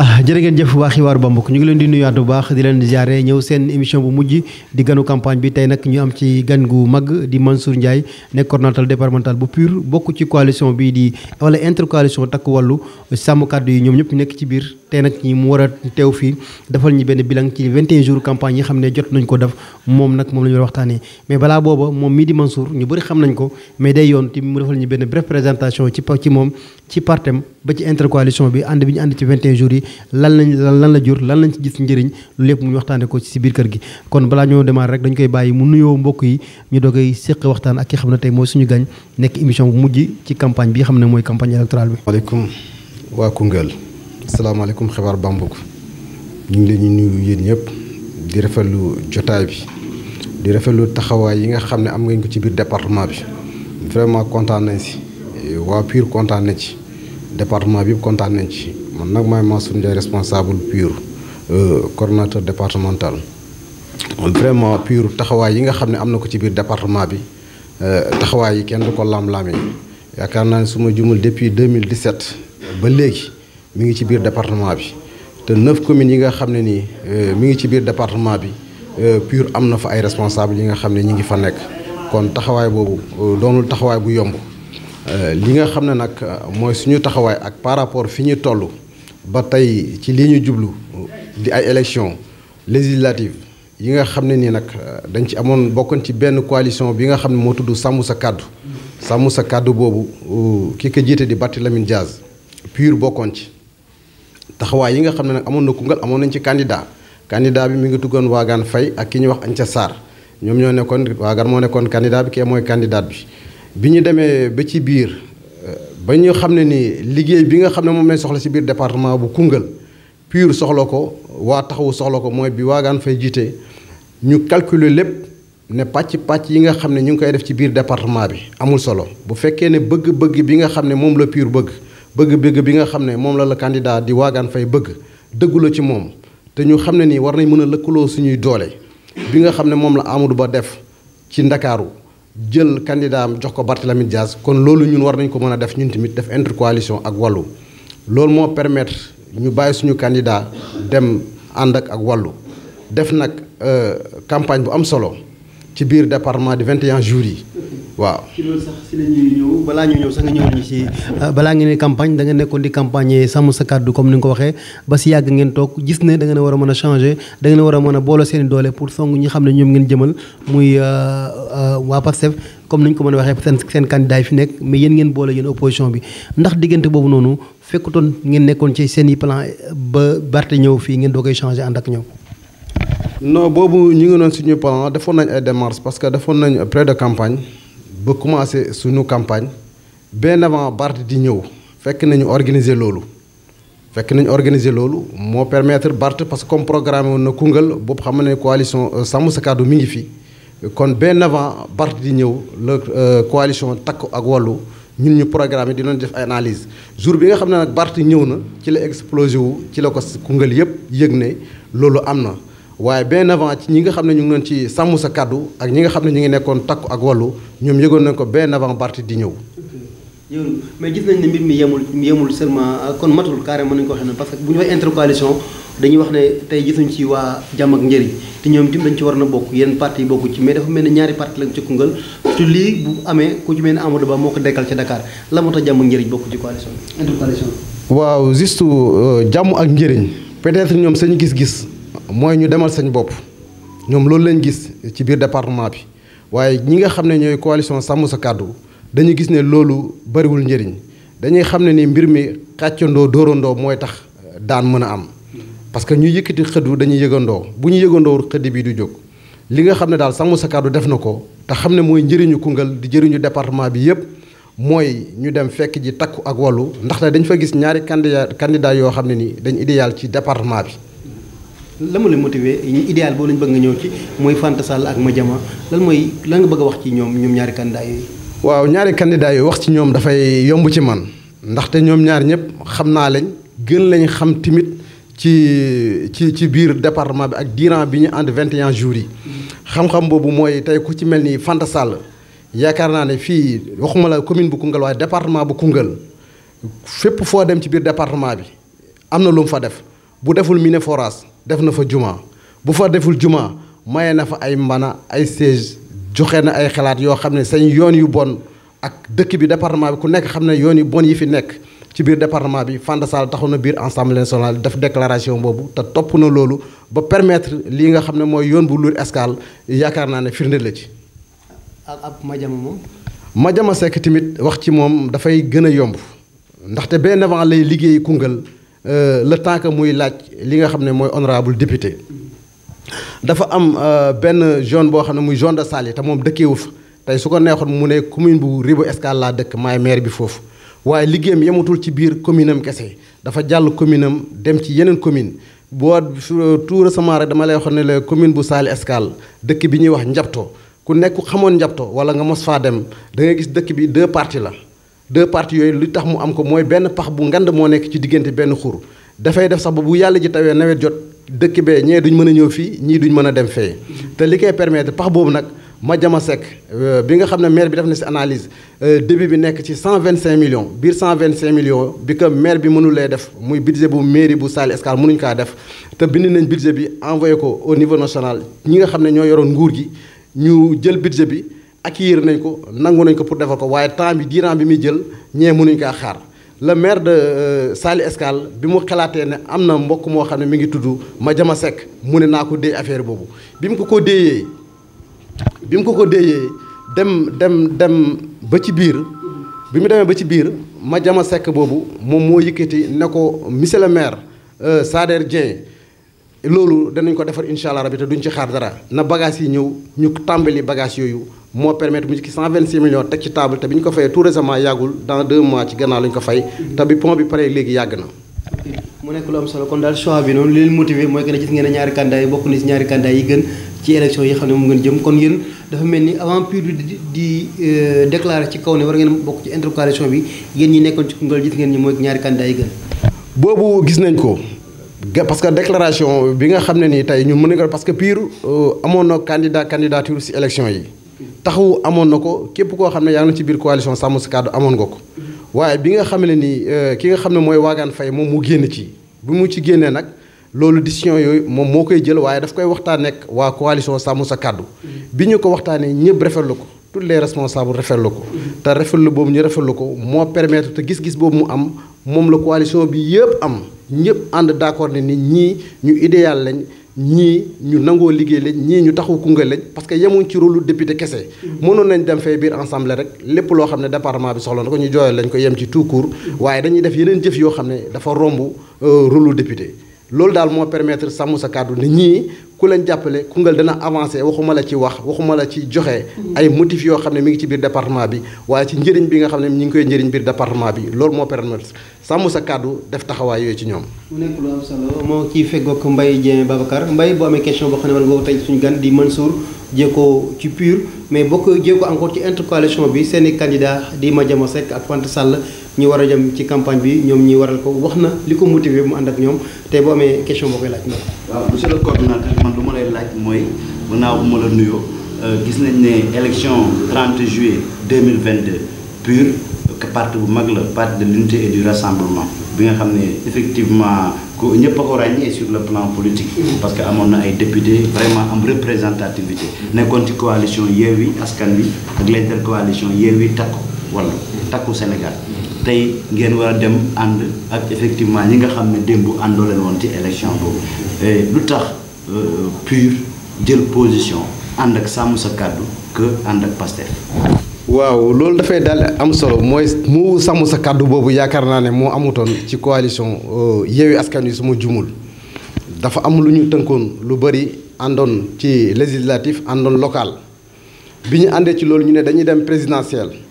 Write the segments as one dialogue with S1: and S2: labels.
S1: Ah, jërë ngeen jëf waa xibaaru bambuk ñu ngi leen di nuyuwaat bu baax di leen ziare ñëw seen émission bu mujj di ganu campagne bi tey nag ñu am ci gan gu mag di Mansour Ndiaye nekk coordonnateur départemental bu PUR bokk ci coalition bi di wala intercoalition takku wàllu sàmm kàddu yi ñoom ñëpp nekk ci biir tey nag ñi mu war a teew fii defal ñu benn bilan ci 21 jours campagne yi xam ne jot nañ ko def moom nag moom la ñu war waxtaanee mais balaa booba moom mii di nañ ko yoon benn bref présentation ci ci moom ci lan lañ lan la jur lan lañ ci gis njëriñ lu lépp mu waxtaane ko ci biir kër gi kon balaa ñoo démarrer rek dañ koy bàyyi mu nuyoo mbokk yi ñu doogay séq waxtaan ak ki xam ne tey mooy suñu gañ nekk émission bu mujj ci campagne bi xam ne mooy campagne électorale bi maaleykum
S2: waa Koungheul asalaamaaleykum xibaar Bambouck mu ngi leen ñu nuyu yéen ñëpp di rafetlu jotaay bi di rafetlu taxawaay yi nga xam ne am ngeen ko ci biir département bi vraiment kontaan nañ si waa Pire kontaan nañ ci département bi kontaan nañ ci man nag maay Mansour Ndiaye responsable PUR euh, coordonnateur départemental vraiment PUR taxawaay yi nga xam ne am na ko ci biir département bi euh, taxawaay yi kenn du ko laam-laamee yaakaar naa ne su ma jumul depuis 2017 ba léegi mi ngi ci biir département bi te neuf communes yi nga xam ne nii euh, mi ngi ci biir département bi PUR am na fa ay responsable yi nga xam ne ñi ngi fa nekk kon taxawaay boobu doonul taxawaay bu yomb li nga xam ne nag mooy suñu taxawaay ak par rapport fi ñu toll ba tey ci lii ñu jublu di ay élections législatives yi nga xam ne nii nag euh, dañ ci amoon bokkoon ci benn coalition bi nga xam ne moo tudd sàmm sa kàddu sàmm sa kàddu boobu euh, ki ko jiite di Barthélémy Dias pur bokkoon ci taxawaay yi nga xam ne nag amoon na kungal amoon nañ ci candidat candidat bi mi ngi tuggoon Waagaan Faye ak ki ñuy wax añ Anca Sarr ñoom ñoo nekkoon Waagaan moo nekkoon candidat bi kee mooy candidat bi bi ñu demee ba ci biir euh, ba ñu xam ne nii liggéey bi nga xam ne moom lañ soxla ci biir département bu Koungheul piir soxla ko waa taxawu soxla ko mooy bi waagaan fay jiite ñu calculer lépp ne pàcc pàcc yi nga xam ne ñu ngi koy def ci biir département bi amul solo bu fekkee ne bëgg-bëgg bi nga xam ne moom la PUR bëgg bëgg-bëgg bi nga xam ne moom la la candidat di waagaan fay bëgg dëggula ci moom te ñu xam ne nii war nañ mën a lëkkaloo suñuy doole bi nga xam ne moom la Amadou Ba def ci Ndakaaru jël candidat am jox ko Barthélémy Dias kon loolu ñun war nañ ko mën a def ñun tamit def intercoalition ak wàllu loolu moo permettre ñu bàyyi suñu candidat dem ànd ak ak wàllu def nag euh, campagne bu am solo ci biir département di 21 jours yi waaw.
S1: ci loolu sax si la ñuy balaa ñuy ñëw sax nga ñëw ñu si
S2: euh, balaa ngeen di campagne da nekkoon di campagne sàmm sa
S1: kàddu comme ni nga ko waxee ba si yàgg ngeen toog gis ne da ngeen a war a mën a changer da ngeen a war a mën a boole seen i doole pour song ñi xam ne ñoom ngeen jëmal muy euh, euh, waa Pastef comme ni ñu ko mën a waxee seen seen candidat yi fi nekk mais yéen ngeen boole yéen opposition bi ndax diggante boobu noonu fekkutoon ngeen nekkoon ci seen i plan ba barte ñëw fii ngeen doo koy changer ànd ak ñoom.
S2: non boobu ñu ngi noonu suñu plan defoon nañ ay démarches parce que defoon nañ près de campagne ba commencé suñu campagne benn avant Barth di ñëw fekk nañu organiser loolu fekk nañu organiser loolu moo permettre Barth parce que comme programme woon na Koungheul boobu xam ne coalition euh, sàmm sa kàddu mi ngi fi kon benn avant Barth di ñëw la euh, coalition takk ak wàllu ñun ñu programme yi dinañ def ay analyse jour bi nga xam ne nag Barth ñëw na ci la explosé wu ci la ko Koungheul yëpp yëg ne loolu am na waaye benn avant ci ñi nga xam ne ñu ngi doon ci sàmm sa kàddu ak ñi nga ne ñu ngi nekkoon takku ak wàllu ñoom yëgoon nañ ko bien avant parti di ñëw.
S1: mais gis nañ ne mbir mi yemul yemul seulement kon matul carrément nañu ko waxee noonu parce que bu ñu waxee intercoalition dañuy wax ne tey gisuñ ci waa jàmm ak njëriñ te ñoom itam dañ ci war na bokk yenn parti bokku ci mais dafa mel ne ñaari lañ ci Koungheul te lii bu amee ku ci Ba moo ko dekkal ca Dakar la moo tax jàmm ak njëriñ bokk ci coalition intercoalition.
S2: Euh, jàmm ak njëriñ peut-être ñoom seen gis-gis. mooy ñu demal sañ bopp ñoom loolu lañ gis ci biir département bi waaye ñi nga xam ne ñooy coalition sàmm sa kàddu dañu gis ne loolu bariwul njëriñ dañuy xam ne ni mbir mi xàccandoo dóorandoo mooy tax euh, daan mën a am parce ñuy ñu yëkkati xëddu dañuy yëgandoo bu ñu yëgandoo xëdd bi du jóg li nga xam ne daal sàmm sa kàddu def na ko te xam ne mooy njëriñu Koungheul di jëriñu département bi yépp mooy ñu dem fekk ji takku ak wàllu ndaxte dañ fa gis ñaari candidat candidat yoo xam ne ni dañ idéal ci département bi
S1: la ma la motiver idéal boo lañ bëgg nga ñëw ci
S2: mooy Fanta Sall ak Madiama lan mooy lan bëgg a wax ci ñoom ñoom ñaari candidat waaw ñaari candidat yooyu wax ci ñoom dafay yomb ci man ndaxte ñoom ñaar ñëpp xam naa lañ gën lañ xam timit ci ci ci biir département bi ak diiran bi ñu ànd 21 jours yi. xam-xam boobu mooy tey ku ci mel ni Fanta Sall yaakaar naa ne fii waxuma la commune bu Koungheul waaye département bu Koungheul fépp foo dem ci biir département bi am na lu mu fa def. bu deful mine forage def na fa juma bu fa deful juma maye na fa ay mbana ay siège joxe na ay xalaat yoo xam ne sañ yoon yu bon ak dëkk bi département bi ku nekk xam ne yoon yu bon yi fi nekk ci biir département bi Fanda Sall taxaw na biir assemblée nationale def déclaration boobu te topp na loolu ba permettre lii nga xam ne mooy yoon bu Lour Escale yaakaar naa ne firnde la ci. ak ab Madiama moom. Madiama tamit wax ci moom dafay gën a yomb ndaxte benn avant lay liggéey Koungheul. Euh, le temps que muy laaj li nga xam ne mooy honorable député dafa am euh, benn zone boo xam ne muy zone de Saly te moom dëkkeewu fa tey su ko neexoon mu ne commune bu Ribot Escale laa dëkk maay maire bi foofu waaye liggéeyam yematul ci biir commune am kese dafa jàll commune am dem ci yeneen commune boo euh, tout récemment rek dama lay wax ne la commune bu Saly Escale dëkk bi ñuy wax Njabto ku nekku xamoon Njabto wala nga mos faa dem da nga gis dëkk bi deux parties la deux parties yooyu li tax mu am ko mooy benn pax bu ngande moo nekk ci diggante benn xur dafay def sax ba bu yàlla ji tawee nawet jot dëkk bee ñee duñ mën a ñëw fii ñii duñ mën a dem fee te li koy permettre pax boobu nag ma jama sekk euh, bi nga xam ne maire bi def na si analyse euh, début bi nekk ci 125 millions biir 125 millions bi que maire bi mënulee def muy budget bu mairie bu Saly Escale mënuñ kaa def te bind nañ budget bi envoyé ko au niveau national ñi nga xam ne ñoo yoroon nguur gi ñu jël budget bi ak accueillir nañ ko nangu nañ ko pour defar ko waaye temps bi diiran bi muy jël ñee mënuñ kaa xaar le maire de euh, Saly Escale bi mu xalaatee ne am na mbokk moo xam ne mi ngi tudd ma Madiama sekk mu ne naa ko déy affaire boobu bi mu ko ko déyee bi mu ko ko déyee dem dem dem ba ci biir bi mu demee ba ci biir Madiama sekk boobu moom moo yëkkati ne ko monsieur le maire euh, Sader Dieng loolu danañ ko defar incha allah rabi te duñ ci xaar dara na bagage yi ñëw ñu tàmbali bagage yooyu moo permettre mu ci 126 millions teg ci table te bi ñu ko fayee tout récemment yàggul dans deux mois ci gannaaw la ñu ko fay. te bi pont bi pare léegi yàgg na.
S1: mu nekk lu am solo kon daal choix bi noonu li leen motivé mooy que ne gis ngeen ne ñaari candidat yi bokk na ci ñaari candidat yi gën ci élection yi xam ne moom ngeen jëm kon yéen dafa mel ni avant PUR di di euh, déclaré ci kaw ne war ngeen bokk ci intercoalition bi yéen ñi nekkoon ci Koungheul gis ngeen ni mooy ñaari candidat yi gën. boobu
S2: gis nañ ko. parce que déclaration bi nga xam ne nii tey ñu mën nañu ko parce que PUR euh, amoon na candidat candidature ci élection yi. taxawu amoon na ko képp koo xam ne yaa ngi ci biir coalition sàmm sa kàddu amoon nga ko waaye bi nga xam ne nii euh, ki nga xam ne mooy waagaan fay moom mu génn ci bi mu ci génnee nag loolu décision yooyu moom moo koy jël waaye daf koy waxtaan nekk waa coalition sàmm sa kàddu bi ñu ko waxtaanee ñëpp rafetlu ko tous les responsables rafetlu ko te rafetlu boobu ñu rafetlu ko moo permettre te gis-gis boobu mu am moom la coalition bi yëpp am ñëpp ànd d'accord ne ni ñii ñii ñu nangoo liggéey lañ ñii ñu taxu Koungheul lañ parce que yemuñ ci rôle député kese. mënoon nañ dem fee biir ensemble rek lépp loo xam ne département bi soxla na ko ñu jooyal lañ ko yem ci tout court. waaye dañuy def yeneen jëf yoo xam ne dafa romb euh, rôle député. loolu daal moo permettre sàmm sa kàddu ne ñii ku leen jàppale Koungheul dana avancé waxuma la ci wax waxuma la ci joxe. ay motifs yoo xam ne mi ngi ci biir département bi waaye ci njëriñ bi nga xam ne ñu ngi koy njëriñ biir département bi loolu moo permettre sàmm sa kàddu def taxawaay yooyu ci ñoom.
S1: mu nekk lu am solo
S2: moo ciy feggoog Mbaye Dieng Babacar Mbaye boo amee question boo xam ne man boobu tey suñu gan
S1: di Mansour Diécko ci PUR mais bokk Diécko encore ci intercoalition bi seen i candidat di Madiama Seck ak Fanta Sall ñu war a jëm ci campagne bi ñoom ñi waral ko wax na li ko motiver mu ànd ak ñoom tey boo amee question boo koy laaj
S3: waaw monsieur le coordonnateur man lu ma lay laaj mooy mën naa bu ma la nuyoo euh, gis nañ ne élection trente juillet deux mille 2022 PUR que euh, parti bu mag la parti de l'unité et du rassemblement bi nga xam ne effectivement ko ñëpp a ko ràññee sur le plan politique parce que amoon na ay député vraiment am représentativité nekkoon ci coalition Yewwi Askan Wi ak l'intercoalition Yewwi Takku Wallu Takku Sénégal tey ngeen war a dem ànd ak effectivement ñi nga xam ne démb àndoo leen woon ci élection boobu lu tax euh, pur jël position ànd ak sàmm sa kàddu que ànd ak Pastef
S2: waaw loolu dafay daal am solo mooy mu sàmm sa kàddu boobu yaakaar naa ne moo amutoon ci coalition euh, Yewwi Askan Wi suma jumul dafa am lu ñu tënkoon lu bëri àndoon ci législatif àndoon local bi ñu àndee ci loolu ñu ne dañuy dem présidentielle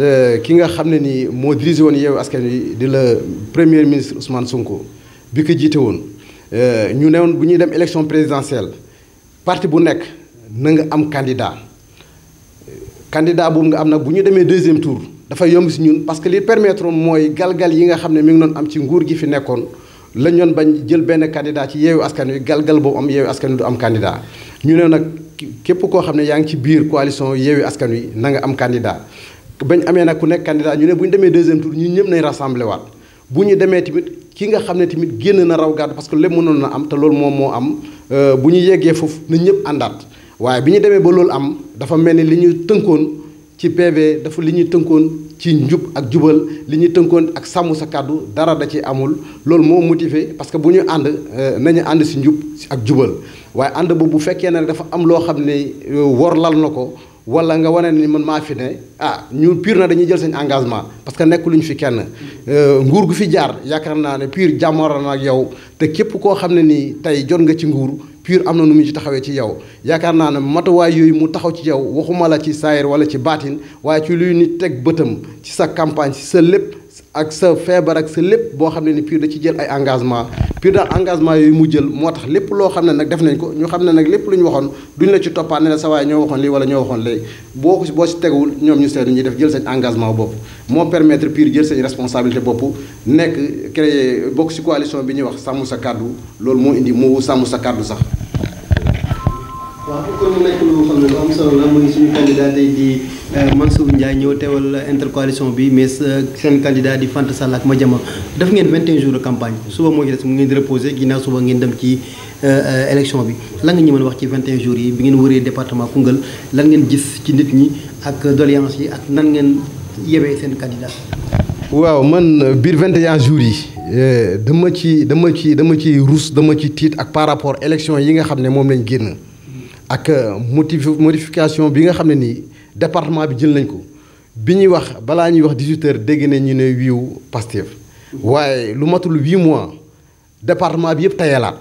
S2: te ki nga xam ne nii moo dirigé woon Yewwi Askan Wi di la premier ministre Ousmane Sonko bi ko jiite woon euh, ñu ne woon bu ñuy dem élection présidentielle parti bu nekk na nga am candidat candidat boobu nga am nag bu ñu demee deuxième tour dafa yomb si ñun parce que li permettre mooy galgal yi nga xam ne mi ngi doon am ci nguur gi fi nekkoon lañ doon bañ jël benn candidat ci Yewwi Askan Wi galgal boobu am Yewwi Askan Wi du am candidat ñu ne nag képp koo xam ne yaa ngi ci biir coalition Yewwi Askan Wi na nga am candidat bañ amee nag ku nekk candidat ñu ne bu ñu demee deuxième tour ñun ñëpp nañ rassemblé waat bu ñu demee tamit ki nga xam ne tamit génn na raw gàddu parce que lépp mënoon na am te loolu moom moo am euh, bu ñu yeggee foofu nañ ñëpp àndaat waaye bi demee ba loolu am dafa mel ni li ñu tënkoon ci PV dafa li ñuy tënkoon ci njub ak jubal li ñuy tënkoon ak sàmm sa kàddu dara da ci amul loolu moo motivé parce que bu ñu ànd euh, nañu ànd si njub ak jubal waaye ànd boobu bu fekkee ne dafa am loo xam ne euh, wor lal na ko wala nga wane ni man maa fi ne ah ñun piir na dañuy jël seen engagement parce que nekk lu ñu fi kenn euh, nguur gu fi jaar yaakaar naa ne piir jàmmoor na ak yow te képp koo xam ne nii tey jot nga ci nguur piir am na nu mu ci taxawee ci yow yaakaar naa ne matuwaay yooyu mu taxaw ci yow waxuma la ci saayir wala ci baatin waaye ci luy nit teg bëtam ci sa campagne ci sa lépp ak sa feebar ak sa lépp boo xam ne ni Pire da ci jël ay engagement Pire daal engagement yooyu mu jël moo tax lépp loo xam ne nag def nañ ko ñu xam ne nag lépp lu ñu waxoon duñ la ci toppaat ne la sa waaye ñoo waxoon lii wala ñoo waxoon léegi boo ko boo si teguwul ñoom ñu seetlu ñuy def jël seen engagement bopp moo permettre Pire jël seen responsabilité bopp nekk créer bokk si coalition bi ñuy wax sàmm sa kàddu loolu moo indi moo sàmm sa kàddu sax
S1: waaw man mu nekk lu xam ne lu am solo la muy suñu candidat tey di euh, Mansour Ndiaye ñëw teewal intercoalition bi mais euh, seen candidat di fant Sall ak Madiama def ngeen 21 jours de campagne suba moo ci des mu ngeen di reposé ginnaaw dem ci euh, élection bi lan nga ñu mën wax ci 21 jours yi bi ngeen wëree département Koungheul lan ngeen gis ci nit ñi ak doléance yi ak nan ngeen yebee seen candidat.
S2: waaw man biir 21 jours yi dama ci dama ci dama ci ruus dama ci tiit ak par rapport élection yi nga xam ne moom lañ génn. ak euh, motif modification bi nga xam ne nii département bi jël nañ ko bi ñuy wax balaa ñuy wax 18 heures dégg nañ ñu ne wiiw Pastef waaye lu matul 8 mois département bi yëpp tayalaat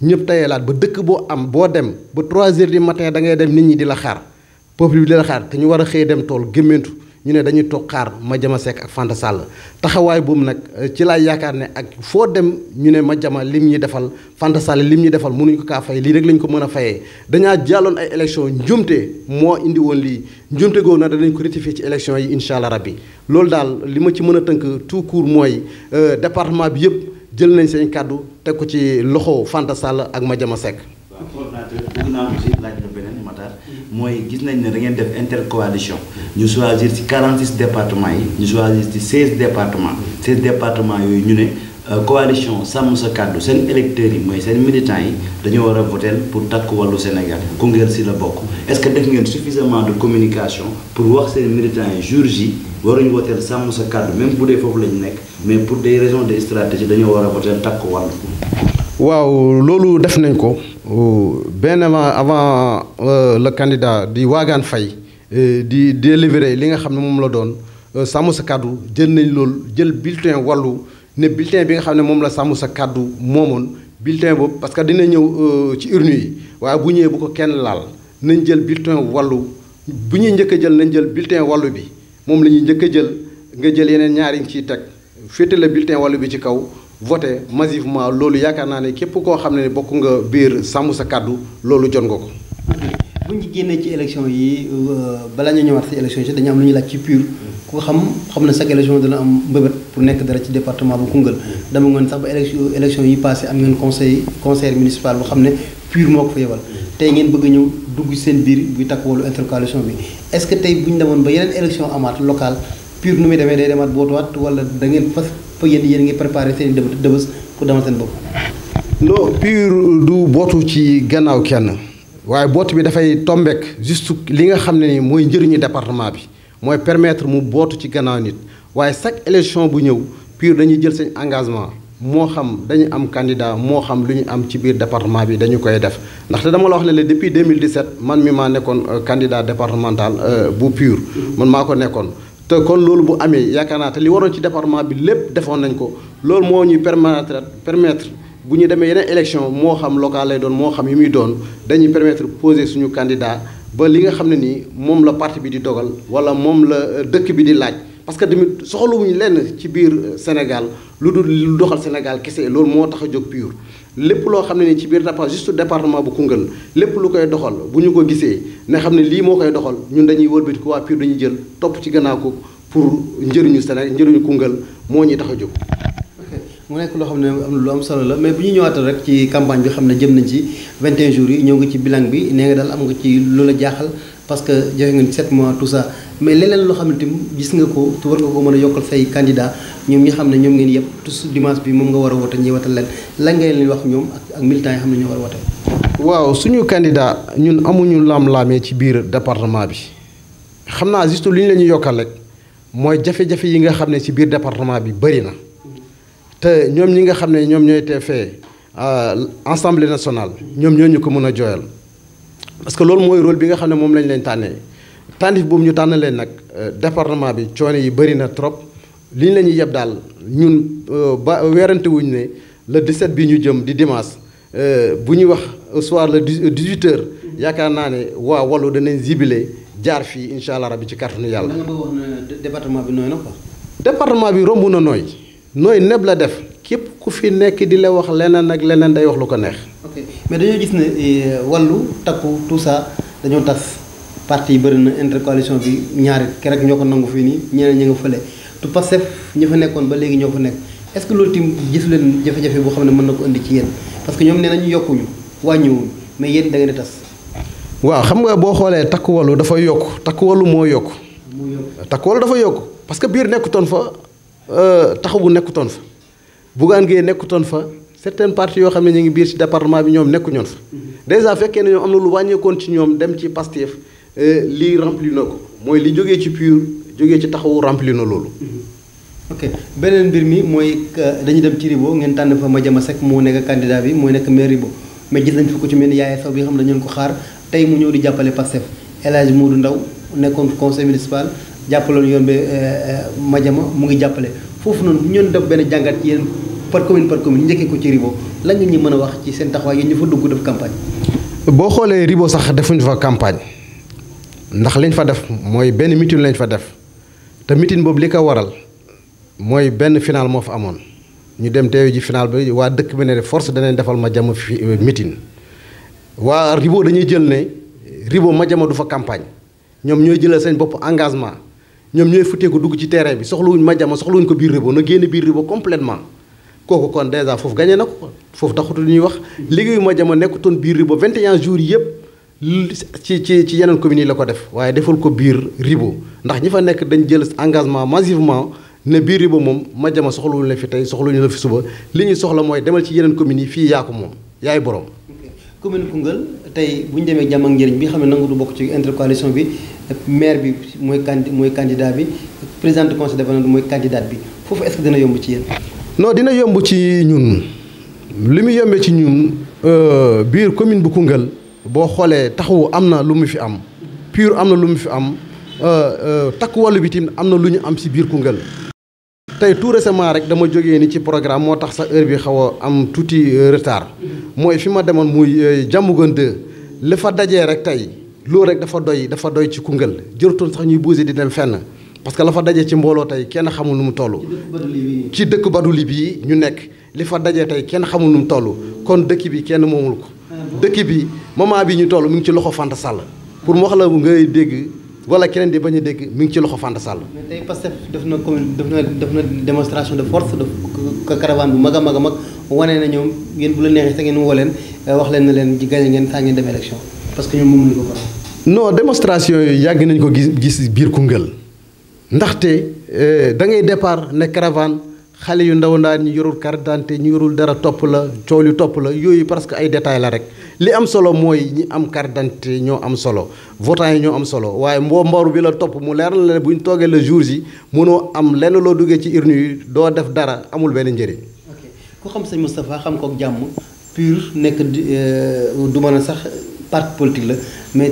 S2: ñëpp tayalaat ba dëkk boo am boo dem ba 3 heures du matin da ngay dem nit ñi di la xaar peuple bi di la xaar te ñu war a xëy dem tool gémmantu ñu ne dañuy toog xaar Madiama Seck ak Fanta Sall taxawaay boobu nag eh, ci laay yaakaar ne ak foo dem ñu ne Madiama lim ñi defal Fanta Sall lim ñi defal mënuñu ko kaa fay lii rek lañ ko mën a fayee dañaa jàlloon ay élection njumte moo indi woon lii njumte googu nag danañ ko rectifier ci élection yi incha allah bi loolu daal li ma ci mën a tënk tout court mooy eh, département bi yëpp jël nañ seen kàddu teg ko ci loxo Fanta Sall ak Madiama Seck
S3: mooy gis nañ ne da ngeen def intercoalition ñu choisir ci 46 départements yi ñu choisir ci 16 départements 16 départements yooyu ñu ne euh, coalition sàmm sa kàddu seen électeurs yi mooy seen militants yi dañoo war a voter pour takk wàllu Sénégal Koungheul si la bokk est-ce que def ngeen suffisamment de communication pour wax seen militants yi jour J waruñu voter sàmm sa kàddu même bu dee foofu lañu nekk mais pour des raisons de stratégie dañoo war a voter takk wàllu
S2: waaw loolu def nañ ko benn avant avant euh, le candidat di Waagaan Fay euh, di délivrer li nga xam ne moom la doon euh, sàmm sa kàddu jël nañ loolu jël bulletin wallu ne bulletin bi nga xam ne moom la sàmm sa kàddu moomoon bulletin boobu parce que dina ñëw ci urne yi waaye bu ñëwee bu ko kenn laal nañ jël bulletin wàllu bu ñuy njëkk a jël nañ jël bulletin wàllu bi moom la ñuy njëkk a jël nga jël yeneen ñaari ñu ciy teg féetale bulletin wàllu bi ci kaw voté massivement loolu yaakaar naa ne képp koo xam ne bokk nga biir sàmm sa kàddu loolu jot nga ko.
S1: bu ñu génnee ci élection yi euh, balaa ñu ñëwaat si élection yi dañu am lu ñuy laaj ci pur ku xam xam na chaque élection dana am mbëbët pour nekk dara ci département bu Koungheul dama ngoon sax ba élection élection yi passé am ngeen conseil conseil municipal boo xam ne pur moo ko fa yebal tey ngeen bëgg ñëw dugg seen biir buy takk wàllu intercoalition bi est-ce que tey ñu demoon ba yeneen élection amaat locale pur nu muy demee day demaat bootuwaat wala da ngeen fas fa yéen yéen ngi préparé seen i dëbës dëbës pour demal
S2: seen bopp. non pur du bootu ci gannaaw kenn waaye boot bi dafay tombeek juste li nga xam ne ni mooy njëriñu département bi mooy permettre mu bootu ci gannaaw nit waaye chaque élection bu ñëw pur dañuy jël seen engagement. moo xam dañu am candidat moo xam lu ñu am ci biir département bi dañu koy def ndaxte dama la wax ne la depuis 2017 man mi maa nekkoon euh, candidat départemental euh, bu PUR. man maa ko nekkoon. te kon loolu bu amee yaakaar naa te li waroon ci département bi lépp defoon nañ ko loolu moo ñuy permettre permettre bu ñu demee yeneen élection moo xam local lay doon moo xam yi muy doon dañuy permettre poser suñu kandidaa ba li nga xam ne nii moom la parti bi di dogal wala moom la euh, dëkk bi di laaj parce que tamit soxlawuñu lenn ci biir euh, Sénégal lu dul lu doxal Sénégal kese loolu moo tax a jóg pur lépp loo xam ne ni ci biir DAPA juste département bu Koungheul lépp lu koy doxal bu ñu ko gisee ne xam ne lii moo koy doxal ñun dañuy wëlbati ko waa Pire dañu jël topp ci gannaaw ko pour njëriñu Sénégal njëriñu Koungheul moo ñuy tax a jóg.
S1: mu nekk loo xam ne am na lu am solo la mais bu ñu ñëwaatal rek ci campagne bi xam ne jëm nañ ci 21 jour yi ñëw nga ci bilan bi nee nga daal am nga ci lu la jaaxal parce que joxe nga 7 mois tout ça. mais leneen loo xamante ni gis nga ko te war nga ko mën a yokkal say candidat ñoom ñi xam ne ñoom ngeen yëpp tous dimanche bi moom nga war a wote ñuy watal leen
S2: lan ngay leen wax ñoom ak ak militants yi xam ne war a wote waaw suñu candidat ñun amuñu laam-laamee ci biir département bi xam naa juste li la ñu yokkal mooy jafe yi nga xam ne ci biir département bi bëri na te ñoom ñi nga xam ne ñoom ñooy tee fee euh, assemblée nationale ñoom ñoo ñu ko mën a jooyal parce que loolu mooy rôle bi nga xam ne moom lañ leen tànnee tànnif boobu ñu tànn leen nag euh, département bi coono yi bëri na trop li ñu la ñuy yeb daal ñun euh, ba weerante wuñ ne le 17 bi ñu jëm di dimanche euh, bu ñuy wax soir le 18 yaakaar naa ne waa Wallu danañ zibilé jaar fii incha allah rabi ci kàttanu yàlla. nga wax ne bi na quoi. département bi romb na nooy nooy neb la def képp ku fi nekk di la wax leneen ak leneen day wax lu ko neex. ok mais dañoo
S1: gis parti yi bëri na intercoalition bi ñaari keroog ñoo ko nangu fii nii ñeneen ñu nga fële tu Pastef ñu fa nekkoon ba léegi ñoo fa nekk est-ce que loolu tim gisu leen jafe-jafe boo xam ne mën na ko indi ci yéen parce que ñoom nee nañu yokkuñu wàññiwuñu mais yéen da ngeen di
S2: waaw xam nga boo xoolee takku wàllu dafa yokk moo yokk. moo yokk takku wàllu dafa yokk parce que biir nekkutoon fa euh, taxawu nekkutoon fa bugaan gee nekkutoon fa. certaines parties yoo xam ne ñu ngi biir ci département bi ñoom nekkuñoon fa mm-hmm. déjà fekkee ne am na lu wàññeekoon ci ñoom dem ci Pastef Euh, lii rempli na ko mooy li jógee ci PUR jógee ci taxawu rempli na loolu. Mhm. ok beneen mbir mi mooy dañu dem ci Ribo ngeen tànn fa Madiama
S1: Seck moo nekk candidat bi mooy nekk maire Ribo mais gis nañ fi ko ci mel ni nga xam ne dañu ko xaar tey mu ñëw di jàppale Pastef El Hadj Modou Ndaw nekkoon conseil municipal jàppaloon yoon bi euh, euh, Madiama mu ngi jàppale foofu noonu ñoon def benn jàngat yéen par commune par commune njëkkee ko ci Ribo lan nga ñu mën a wax ci seen taxawaay yéen ñu fa dugg def campagne.
S2: boo xoolee Ribo sax defuñu fa campagne. ndax lañ fa def mooy benn mitin lañ fa def te mitin boobu li ko waral mooy benn final moo fa amoon ñu dem teew ji final bi waa dëkk bi ne force danañ defal ma jàmm fi euh, mitin waa Ribo dañuy jël ne Ribo ma jama du fa campagne ñoom ñooy jëlal seen bopp engagement ñoom ñooy futteeku dugg ci terrain bi soxlawuñ ma jama soxlawuñ ko biir Ribo na génn biir Ribo complètement kooku kon dèjà foofu gagné na ko foofu taxutu ñuy wax liggéeyu ma jama nekkutoon biir Ribo 21 jours yëpp ci ci ci yeneen commune yi la ko def waaye deful ko biir Ribo ndax ñi fa nekk dañ jël engagement massivement ne biir Ribo moom ma jama soxlawuñu la fi tey soxlawuñu la fi suba li ñuy soxla mooy demal ci yeneen communes yi fii yaa ko moom yaay borom. commune Koungheul tey bu ñu demee jàmm ak njëriñ
S1: bi xam ne nangu du bokk ci intercoalition bi maire bi mooy candi mooy candidat bi président du de départemental mooy candidat bi foofu est-ce que dina yomb ci yéen.
S2: non dina yomb ci ñun li mu yombee ci ñun euh, biir commune bu Koungheul. boo xoolee taxawu am na lu mu fi am pur am na lu mu fi am euh, euh, takk wàllu bi am na lu ñu am si biir Koungheul tey tout récemment rek dama jógee ni ci programme moo tax sax heure bi xaw a am tuuti euh, retard mooy fi ma demoon muy Diamaguène 2 li fa dajee rek tey loolu rek dafa doy dafa doy ci Koungheul jërëtoon sax ñuy bousee di dem fenn parce que la fa dajee ci mbooloo tey kenn xamul nu mu toll ci dëkk baduli bii ñu nekk li fa dajee tey kenn xamul nu mu toll kon dëkk bi kenn moomul ko dëkk bi moment bi ñu toll mu ngi ci loxo Fanta Sall pour mu wax la ngay dégg wala keneen di bañ a dégg mi ngi ci loxo Fanta Sall.
S1: mais tey Pastef def na commune def na def na démonstration de force de caravane bu mag a mag a mag wane na ñoom ngeen bu la neexee te ngeen woo leen wax leen na leen ji ngeen saa ngeen dem élection parce que ñoom moomuñu ko
S2: ko. non démonstration yooyu yàgg nañ ko gis gis biir Koungheul ndaxte euh, da ngay départ ne caravane. xale yu ndaw ndaan ñu yorul carte d'identité ñu yorul dara topp la coow yu topp la yooyu parce que ay détails la rek li am solo mooy ñi am carte d'identité ñoo am solo votants yi ñoo am solo waaye mboo mbooru bi la topp mu leer na la bu ñu toogee le jour yi mënoo am lenn loo duggee ci urne yi doo def dara amul benn njëriñ. ok
S1: ku xam sëñ Moustapha xam kook jàmm pur nekk euh, du mën a sax parti politique la mais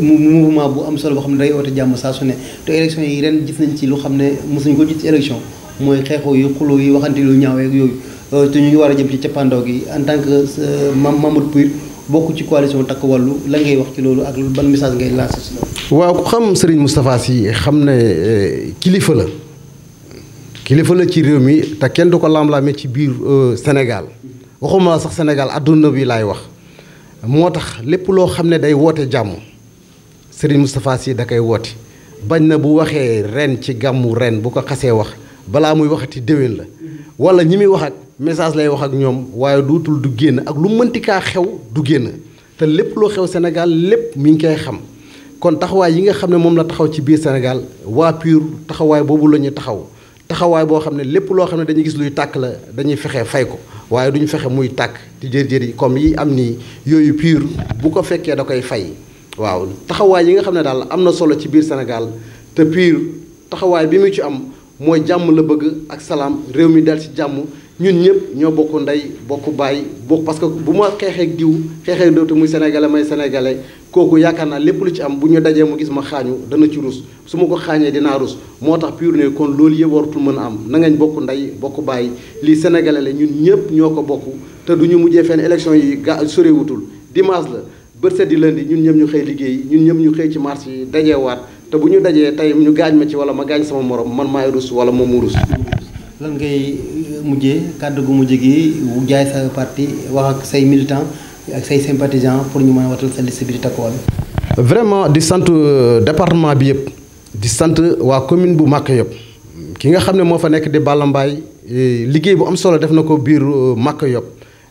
S1: mouvement bu am solo boo xam ne day woote jàmm saa su ne te élection yi ren gis nañ ci lu xam ne mosuñu ko ci élection. mooy xeexoo yu xuloo yi waxante lu ñaaweeg yooyu euh, te ñu ngi war a jëm ci cappaandaw gi en tant que euh, Mamadou Pouye bokk ci coalition takk wàllu la ngay wax ci loolu ak
S2: ban message ngay lancer si loolu. waaw ku xam Serigne Moustapha Sy xam euh, kilifa la kilifa la ci réew mi te kenn du ko lamlaame ci biir Sénégal waxuma sax senegal àdduna bi laay wax moo tax lépp loo xam ne day woote jàmm Serigne Moustapha Sy da koy woote bañ na bu waxee ren ci gàmmu ren bu ko xasee wax. balaa muy waxati déwén la wala ñi muy wax ak message lay wax ak ñoom waaye dootul du génn ak lu mënti kaa xew du génn te lépp loo xew Sénégal lépp mi ngi koy xam kon taxawaay yi nga xam ne moom la taxaw ci biir Sénégal waa PUR taxawaay boobu la ñuy taxaw taxawaay boo xam ne lépp loo xam ne dañuy gis luy tàkk la dañuy fexe fay ko waaye du ñu fexe muy tàkk di jër-jër yi comme yi am nii yooyu piir bu ko fekkee da koy fay waaw taxawaay yi nga xam ne daal am na solo ci biir Sénégal te PUR taxawaay bi mu ci am mooy jàmm la bëgg ak salaam réew mi dal ci jàmm ñun ñëpp ñoo bokk ndey bokk baay bokk parce que bu ma xeexeeg diw xeexeeg dootu muy sénégalais may sénégalais kooku yaakaar naa lépp lu ci am bu ñu dajee mu gis ma xaañu dana ci rus su ma ko xaañee dinaa rus moo tax pur ne kon loolu yëpp waratul mën a am na ngañ bokk ndey bokk baay lii sénégalais la ñun ñëpp ñoo ko bokk te du ñu mujjee fenn élection yi ga sorewutul dimanche la bët set di lundi ñun ñëpp ñu xëy liggéey ñun ñëpp ñu xëy ci marché yi dajeewaat te bu ñu dajee tey ñu gaañ ma ci wala ma gaañ sama moroom man maay rus wala moom mu rus.
S1: lan ngay euh, mujjee kàddu gu mujj gi jaay sa parti wax ak say militant ak say sympathisant pour ñu mën a watal sa liste bi di takkuwal.
S2: vraiment di sant euh, département bi yëpp di sant waa commune bu Màkka yëpp ki nga xam ne moo fa nekk di Balla Mbaye euh, liggéey bu am solo def na ko biir makk yëpp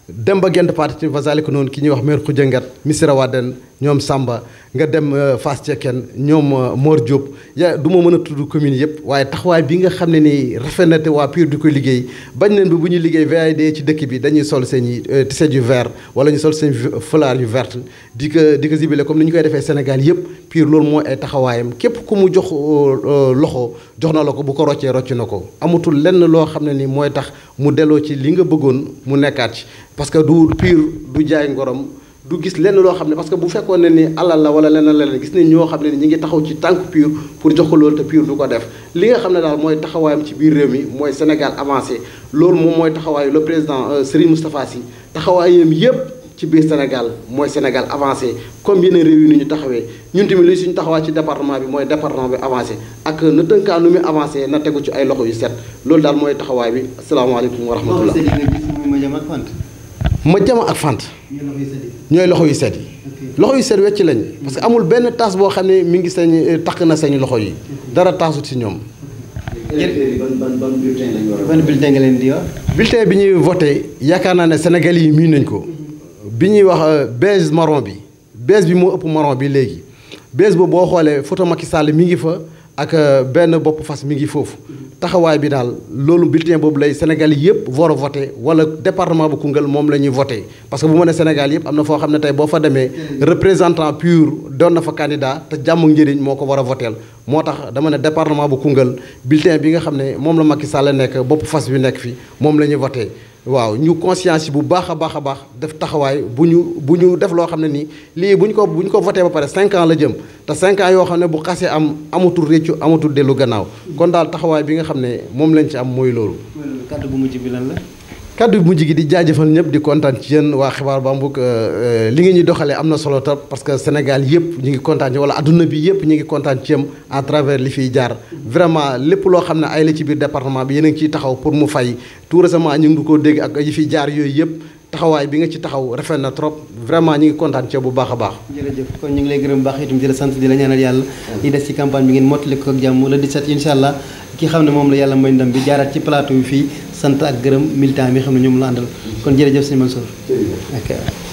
S2: dem ba gent parti ci Vasalika noonu ki ñuy wax maire Khoudia Ngat Missirah Wadène ñoom Samba nga dem euh, Fass Cekkeen ñoom euh, Mor Diop ya du ma mën a tudd commune yëpp waaye taxawaay bi nga xam ne nii rafet na te waa PUR di ko liggéey bañ leen bi bu ñuy liggéey VAD ci dëkk bi dañuy sol seen i euh, tiset yu vert wala ñu sol seen foulard yu verte di ko di ko zibilé comme ni ñu koy defee Sénégal yëpp piir loolu mooy ay taxawaayam képp ku mu jox loxo jox na la ko bu ko roccee rocc na ko amatul lenn loo xam ne nii mooy tax mu delloo ci li nga bëggoon mu nekkaat ci parce que du PUR du jaay ngorom du gis lenn loo xam ne parce que bu fekkoon ne ni alal la wala leneen leneen gis nañ ñoo xam ne ni ñu ngi taxaw ci tànk pur pour jox ko loolu te piir du ko def li nga xam ne daal mooy taxawaayam ci biir réew mi mooy Sénégal avancé loolu moom mooy taxawaay le président euh, Serigne Moustapha Sy taxawaayam yépp ci biir Sénégal mooy Sénégal avancé comme yeneen yi ni ñu taxawee ñun tamit li suñu taxawaay ci département bi mooy département bi avancé ak na tënkaa nu muy avancé na tegu ci ay loxo yu set loolu daal mooy taxawaay bi asalaamaaleykum wa rahmatullah ma jama ak fant ñooy loxo yu set yi loxo yu set wecc lañ parce que amul benn taas boo xam ne mi ngi sañ euh, takk na sañ loxo yi dara taasut ci ñoom
S3: ban
S2: bulletin nga bi ñuy voté yaakaar naa ne Sénégal yi miin nañ ko bi ñuy wax euh, beige marron bi beige bi moo ëpp marron bi léegi beige boobu boo xoolee photo Macky Sall mi ngi fa ak euh, benn bopp fas mi ngi foofu taxawaay bi daal loolu bulletin boobu lay Sénégal yëpp war a voté wala département bu Koungheul moom la ñuy voté parce que bu ma ne Sénégal yëpp am na foo xam ne tey boo fa demee représentant pur doon na fa candidat te jàmm njëriñ moo ko war a voteel moo tax dama ne département bu Koungheul bulletin bi nga xam ne moom la Macky la nekk bopp fas bi nekk fi moom la ñuy voté waaw ñu conscience bu baax a baax a baax def taxawaay bu ñu bu ñu def loo xam ne nii lii bu ñu ko bu ñu ko voté ba pare 5 la jëm te 5 yoo xam ne bu xasee am amatul réccu amatul dellu gannaaw kon daal taxawaay bi nga xam ne moom lañ ci am mooy loolu. bu mujj bi lan la. kàddu mujj gi di jaajëfal ñëpp di kontaan ci yéen waa xibaar bambuk euh, euh, li nga ñuy doxalee am na solo trop parce que Sénégal yëpp ñu ngi kontaan ci wala adduna yëpp ñu ngi kontaan ci yéen à travers li fiy jaar vraiment lépp loo xam ne ay la ci biir département bi yéen a ngi taxaw pour mu fay tout récemment ñu ngi ko dégg jaar yooyu yëpp taxawaay bi nga ci taxaw rafet na trop vraiment ñu ngi kontaan ci bu baax a baax jërëjëf kon ñu ngi lay gërëm
S1: baax itam di la sant di la ñaanal yàlla li des ci campagne bi ngeen mottali ko ak jàmm le 17 incha allah ki xam ne moom la yàlla may ndam bi jaaraat ci sant ak gërëm militant mi xam ne ñoom laa àndal kon jërëjëf
S3: sëñ Mansour.